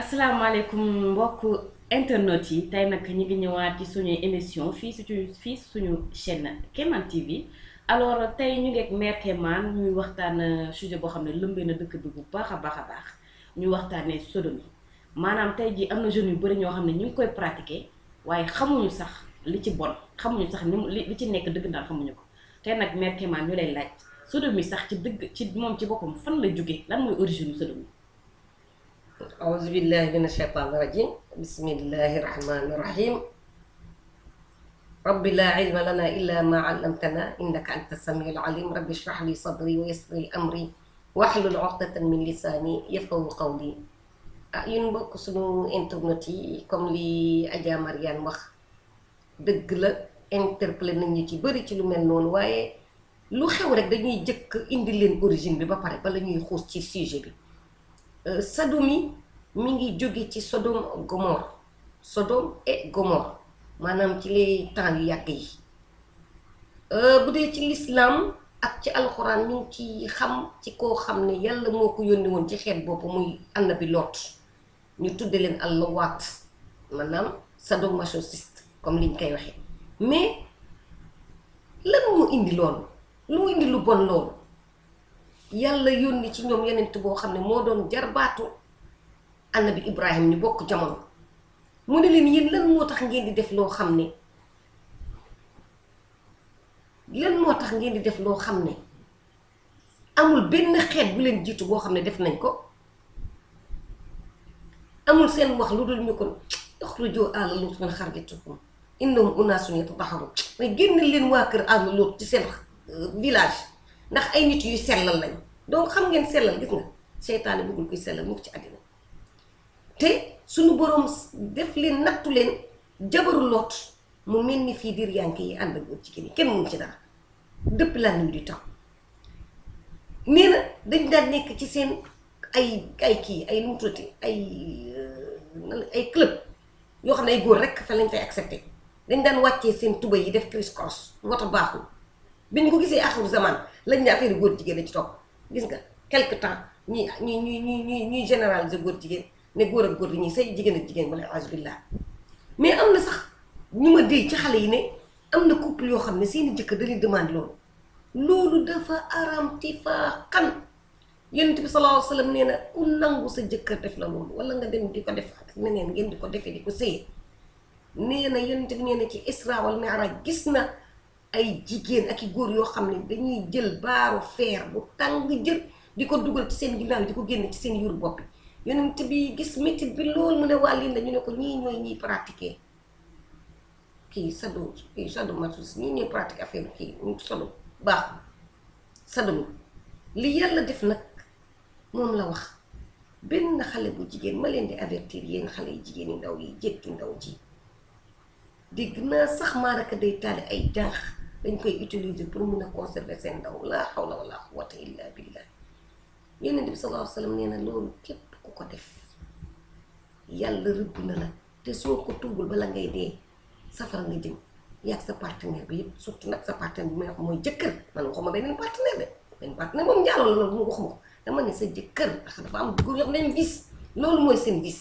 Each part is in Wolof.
asalaamaaleykum mbok internet yi tay nak ñu ngi ñëwaat ci suñu émission fi suñu fii suñu chaîne Keman TV alors tay ñu ngi ak mère Keman ñuy waxtaan euh, sujet bo xamné ne na dëkk bi bu baax a baax ñu waxtaané sodomie manam tay ji amna jeune yu bari ñoo xamné ñu ngi koy pratiquer waaye xamuñu sax li ci bon xamuñu sax li li ci nekk dëgg ndax xamuñu ko tay nak mère Keman ñu lay laaj sodomie sax ci dëgg ci moom ci boppam fan la jógee lan mooy origine sodomie أعوذ بالله من الشيطان الرجيم بسم الله الرحمن الرحيم رب لا علم لنا إلا ما علمتنا إنك أنت السميع العليم رب اشرح لي صدري ويسر لي أمري واحلل عقدة من لساني يفقهوا قولي أين بوك سنو إنتو كم لي أجا مريان وخ دقل إنتربل نيجي بري تلو من نون واي لو خيو رك دنيو جك إندلين أوريجين بي بباري بلا تي سيجي بي Euh, sadomi mi ngi jóge ci Sodome Gomorre Sodome et Gomorre maanaam ci les temps yu yàgg yi euh, bu dee ci lislaam ak ci alxuraan ñu ngi ci xam ci koo xam ne yàlla moo ko yónni woon ci xeet boobu muy annabi Lot ñu tudde leen allawaat maanaam sadomasochiste comme liñ koy waxee mais lan moo indi loolu lu mu indi lu bon loolu yàlla yónni ci ñoom yonent boo xam ne moo doon jarbaatu annabi Ibrahim ñu bokk jamono mu ne leen yéen lan moo tax ngeen di def loo xam ne lan moo tax ngeen di def loo xam ne amul benn xeet bu leen jiitu boo xam ne def nañ ko amul seen wax lu dul ñu kon uxrijoo aala Luut min xarjatikum innahum unaasun yatahharuun may génn leen waa kër aala Luut ci seen euh, village ndax ay nit yuy sellal lañ donc xam ngeen sellal gis nga seytaane bëggul kuy sellal mukk ci àddina te suñu boroom def leen nattu leen jabaru loot mu mel ni fii diir yànk yi ànd ak góor jigéen yi kenn mënu ci la nuit du temps nee na dañ daan nekk ci seen ay ay kii ay nu mu tuddati ay euh, ay yoo xam ne ay góor rek fa lañ fay accepté dañ daan wàccee seen tuba yi def criss cross woto baaxul biñ ko gisee axiru zaman lañ ne affaire góor jigéen a ci toog gis nga quelque temps ñuy ñuy ñuy ñuy ñuy généraliser góor jigéen ne góor ak góor ñuy say jigéen ak jigéen wala billah mais am na sax ñu ma ci xale yi ne am na couple yoo xam ne seeni jëkkër dañuy demande loolu loolu dafa aram ti faa xan yonent bi sallallahu nee na ku nangu sa jëkkër def la loolu wala nga dem di ko def ak neneen ngeen di ko defee di ko sëyee nee na yonent bi nee na ci isra wal mi'raj gis na ay jigéen ak i góor yoo xam ne dañuy jël baaru feer bu tàng jër di ko dugal ci seen ginnaaw yi di ko génne ci seen yur bopp yonent bi gis métit bi loolu mu ne waa lii la ñu ne ko ñii ñooy ñiy pratiquer kii sado kii sado matus ñii ñooy pratiquer affaire kii sado baaxul sado li yàlla def nag moom la wax benn xale bu jigéen ma leen di avertir yéen xale yi jigéen yi ndaw yi jékki ndaw ji dégg naa sax maaraka day taale ay jànq dañ koy utiliser pour mun a conserver seen ndaw laa hawla la quwwata illa billah yonent bi sallallahu alayhi wa sallam nee na loolu képp ku ko def yàlla rëbb na la te soo ko tuubul bala ngay dee safara nga jëm yàgg sa partenaire bi yëpp surtout nag sa partenaire bi may wax mooy jëkkër man waxuma beneen partenaire de beneen partenaire moom njaaloo la loolu ne sa jëkkër ndax dafa am góor yox leen vis loolu mooy seen vis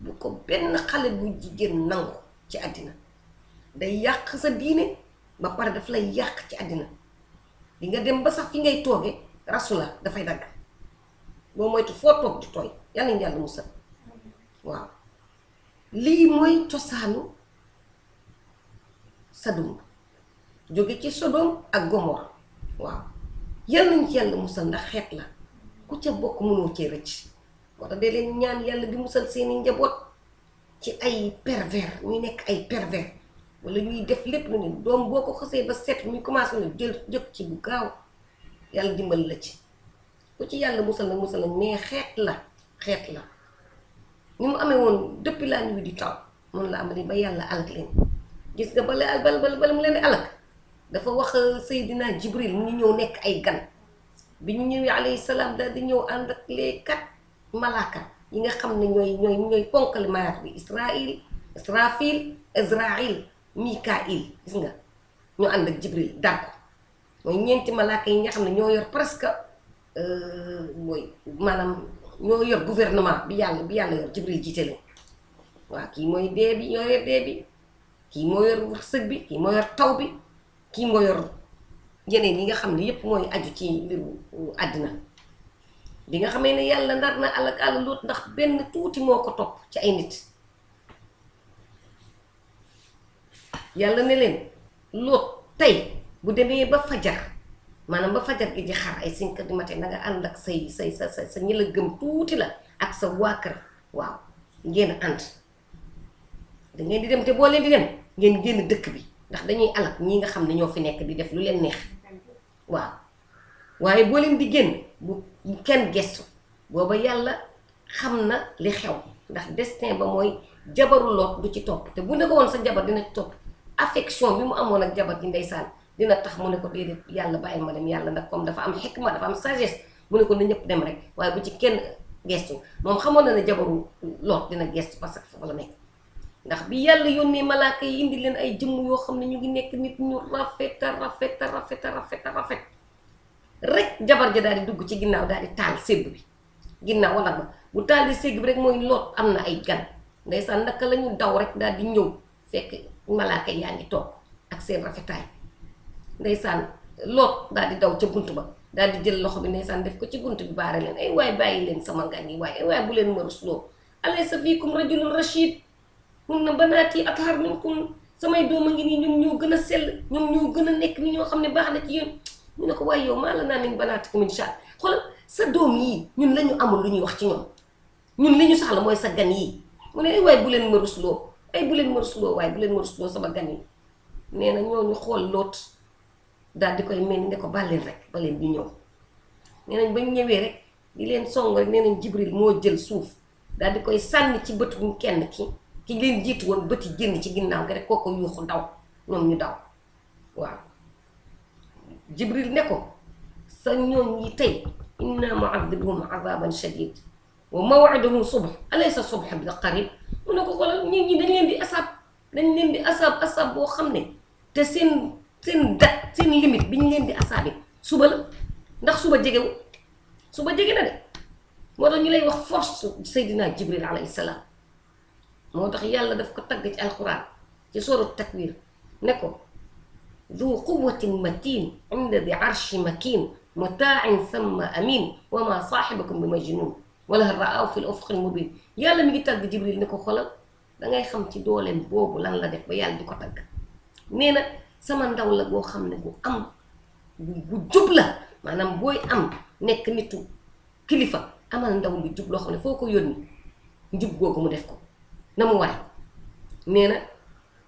bu ko benn xale bu jigéen nangu ci àddina day yàq sa diine ba pare daf lay yàq ci àddina di nga dem ba sax ki ngay tooge rasu la dafay dagg boo moytu foo toog di tooy yàlla ñu yàlla musal mooy cosaanu sadum jóge ci sodom ak gomor waaw yàlla nañ musal ndax xeet la ku ca bokk mënoo cee rëcc moo tax leen ñaan yàlla di musal seeni njaboot ci ay pervers ñuy nekk ay pervers wala ñuy def lépp mu ne doom boo ko xësee ba seet muy commencé na jël jëkk ci bu gaaw yàlla dimbal la ci ku ci yàlla musal na musal na mais xeet la xeet la ni mu amee woon depuis la nuit du temps mun la amali ba yàlla alag leen gis nga bala bala bala mu leen di alag dafa wax euh, Seydina Jibril mu ngi ñëw nekk ay gan bi ñu ñëwee alayhi salaam daal di ñëw ànd ak les quatre malaaka yi nga xam ne ñooy ñooy ñooy ponkali bi Israil Israfil Israil mikail gis nga ñu and ak jibril dar ko moy ñeenti malaaka yi nga xamne ño yor presque euh, moy manam ño yor gouvernement bi Yalla bi Yalla yor jibril jité lé waa ki moy dé bi ño yor dé bi ki moy yor wërsëg bi ki moy yor taw bi ki moy yor yeneen yi nga xamne yépp moy aju ci mbir adina bi nga xamé né Yalla ndar na alak lut ndax ben tuuti moko top ci ay nit yàlla ne leen loot tey bu demee ba fajar maanaam ba fajar gi ji xar ay cinq heures du matin na nga ànd ak say say sa sa ñi la gëm tuuti la ak sa waa waaw ngeen ànd da di dem te boo leen di dem ngeen génn dëkk bi ndax dañuy alak ñi nga xam ne ñoo fi nekk di def lu leen neex waaw waaye boo leen di génn bu kenn gestu booba yàlla xam na li xew ndax destin ba mooy jabaru loot du ci topp te bu ne woon sa jabar dina ci topp affection bi mu amoon ak jabar ji ndeysaan dina tax mu ne ko déedéet yàlla bàyyil ma dem yàlla ndax comme dafa am xikma dafa am sagesse mu ne ko na ñëpp dem rek waaye bu ci kenn gestu moom xamoon na ne jabaru loot dina gestu parce que foofu la nekk ndax bi yàlla yónnee malaaka yi indi leen ay jëmm yoo xam ne ñu ngi nekk nit ñu rafet a rafet a rafet rafet rek jabar ja daal di dugg ci ginnaaw daal di taal sédd bi ginnaaw wala ba bu taal di sédd bi rek mooy loot am na ay gan ndeysaan naka la ñu daw rek daal di ñëw fekk malaaka yaa ngi toog ak seen rafetaay ndeysaan loot daal di daw ca bunt ba daal di jël loxo bi ndeysaan def ko ci bunt bi baare leen ay waaye bàyyi leen sama ngaan yi waaye ay waay bu leen ma rusloo alaysa fiikum rajulun rashid mun na banaati athar minkum samay doom a ngi nii ñoom ñoo gën a sell ñoom ñoo gën a nekk ni ñoo xam ne baax na ci yéen ñu ne ko waaye yow maa la naa nañ banaati min sha xoolal sa doom yii ñun la ñu lu ñuy wax ci ñoom ñun li ñu soxla mooy sa gan yii ay bu leen ma rusloo ay bu leen ma waaye bu leen ma rusloo sama gan yi nee na ñooñu xool loot daldi koy mel ni ko bàlleen rek ba leen bi ñëw nee nañ bañ ñëwee rek di leen song rek nee nañ jibril moo jël suuf daal di koy sànni ci bët bu kenn ki ki leen jiitu woon bët yi génn ci ginnaaw gi rek kooko yuuxu daw ñoom ñu daw waaw jibril ne ko sa ñoom yi tey inna mu'adibuhum azaban shadid وموعده صبح اليس صبح قريب ونقول ني ني دنجلن دي اساب دنجلن دي اساب اساب بو خمني تي سين سين دا سين ليميت بي نلن دي اسابي صبح لا ناخ صبح جيغي صبح جيغي نادي مودو ني لاي واخ فورس سيدنا جبريل عليه السلام مودخ يالا داف كو تاغ سي القران سي سوره التكوير نكو ذو قوة متين عند ذي عرش مكين متاع ثم أمين وما صاحبكم بمجنون wala raaw fil al mubin yalla mi ngi tag jibril ne ko xolal da ngay xam ci dolem bobu lan la def ba yalla diko tag neena sama ndaw la boo xamne ne bu am bu jubla la maanaam am nek nitu kilifa amal ndaw lu jub loo xam ne foo ko yónni njub googu mu def ko namu war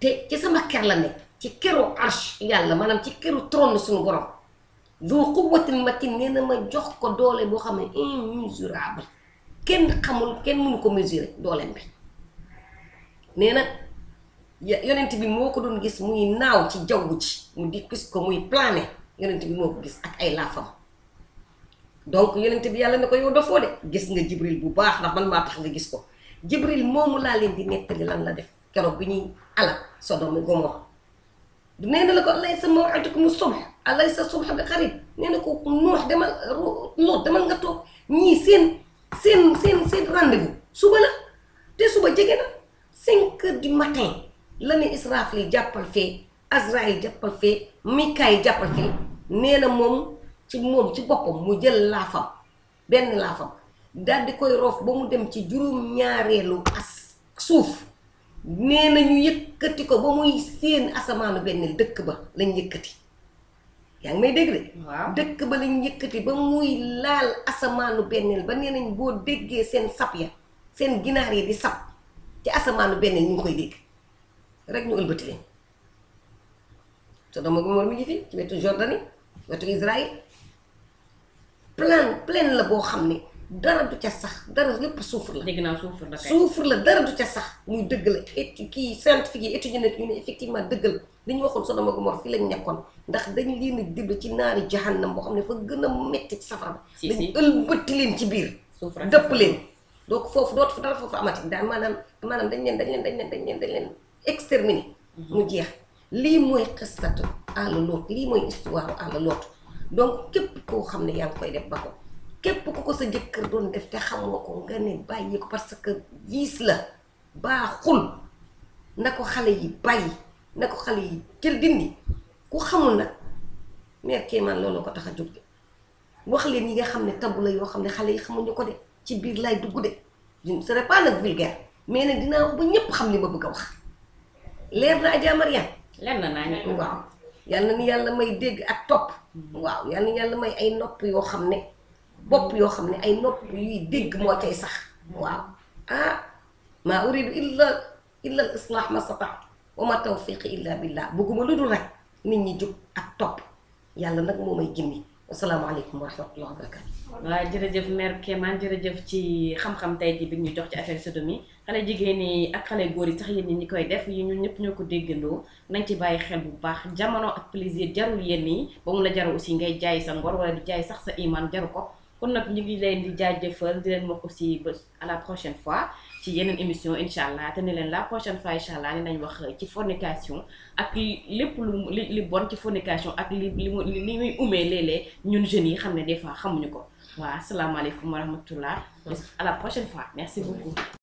te ci sama ker la nek ci keru arsh yalla manam ci keru trône sunu borom du quwwatin matin nena ma jox ko dole bo xamne ne kenn xamul kenn mënu ko mesurer dooleem bi nee na yonent bi moo ko doon gis muy naaw ci jaww ci mu di gis ko muy plané yonent bi moo ko gis ak ay laafam donc yonent bi yàlla ne ko yow dofoo de gis nga jibril bu baax ndax man maa tax nga gis ko jibril moomu laa leen di nettali lan la def keroog bi ñuy alal Sodom ak Gomor nee na la ko alaysa maw'idukum subh alaysa subh na toog ñii seen seen seen seen rendez suba la te suba jege na cinq heures du matin la ne Israfil jàppal fee Azraïl jàppal fee Mikaay jàppal fee nee na moom ci moom ci boppam mu jël laafam benn laafam dal di koy roof ba mu dem ci juróom-ñaareelu as suuf nee na yëkkati ko ba muy seen asamaanu benn dëkk ba lañ yëkkati. yaa ngi may dégg de. waaw dëkk ba lañ yëkkati ba muy laal asamaanu benneel ba nee nañ boo déggee seen sap ya seen ginaar yi di sap ci asamaanu benneel ñu ngi koy dégg rek ñu ëlbati leen. Sodoma Gomor mi ngi fi ci wetu Jordanie wetu Israël plan plein la boo xam ne. dara du ca sax dara lépp suufur la. dégg naa suufur la kay suufur la dara du ca sax. muy dëgg la et kii scientifique yi étudié nañu ne effectivement dëgg la li ñu waxoon Sodoma Gomor fii lañ nekkoon ndax dañ leen a dibli ci naari jahannam boo xam ne fa gën a métti ci safara bi. dañ ëlbëtti leen ci biir. suufara dëpp leen. donc foofu dootu fa dara foofu amati daal maanaam maanaam dañ leen dañ leen dañ leen dañ leen dañ leen exterminé. Mhm. mu jeex lii mooy xistatu àll loot lii moo histoire àll loot donc képp xam ne yaa ngi def ba képp ku ko sa jëkkër doon def te xamoo ko nga ne bàyyi ko parce que yiis la baaxul na ko xale yi bàyyi na ko xale yi jël dindi ku xamul nag mère Kéemaan loolu ko tax a jóg wax leen yi nga xam ne tabu la yoo xam ne xale yi xamuñu ko de ci biir lay dugg de je ne serai pas nag vulgaire mais nag dina wax ba ñépp xam li ma bëgg a wax leer na Adja Mariam leer na naa ñu waaw yàlla ni yàlla may dégg ak topp mm-hmm. waaw yàlla ni yàlla may ay nopp yoo xam ne bopp yoo xam ne ay nopp yuy dégg moo cay sax waaw ah maa uridu illa illa ma sataat wa ma tawfiqi illa billah bëgguma lu dul rek nit ñi jub topp yàlla nag moom may gindi asalaamaaleykum wa rahmatullahi wa barakatu waaw jërëjëf mère jërëjëf ci xam-xam tey ji bi ñu jox ci affaire sodomie xale jigéen yi ak xale góor yi sax yéen ñi koy def yi ñu ñëpp ñoo ko déggandoo nañ ci bàyyi xel bu baax jamono ak plaisir jarul yéen yi ba mun a jaru aussi ngay jaay sa ngor wala di jaay sax sa iman jaru ko kon nag ñu ngi leen di jaajëfal di leen wax aussi ba à la prochaine fois ci yeneen émission incha allah te ne leen la prochaine fois incha allah dinañ wax ci fornication ak lépp lu li bon ci fornication ak li li li muy umee léeg-léeg ñun jeunes yi xam ne des fois xamuñu ko waaw asalaamaaleykum wa rahmatullah à la prochaine fois merci beaucoup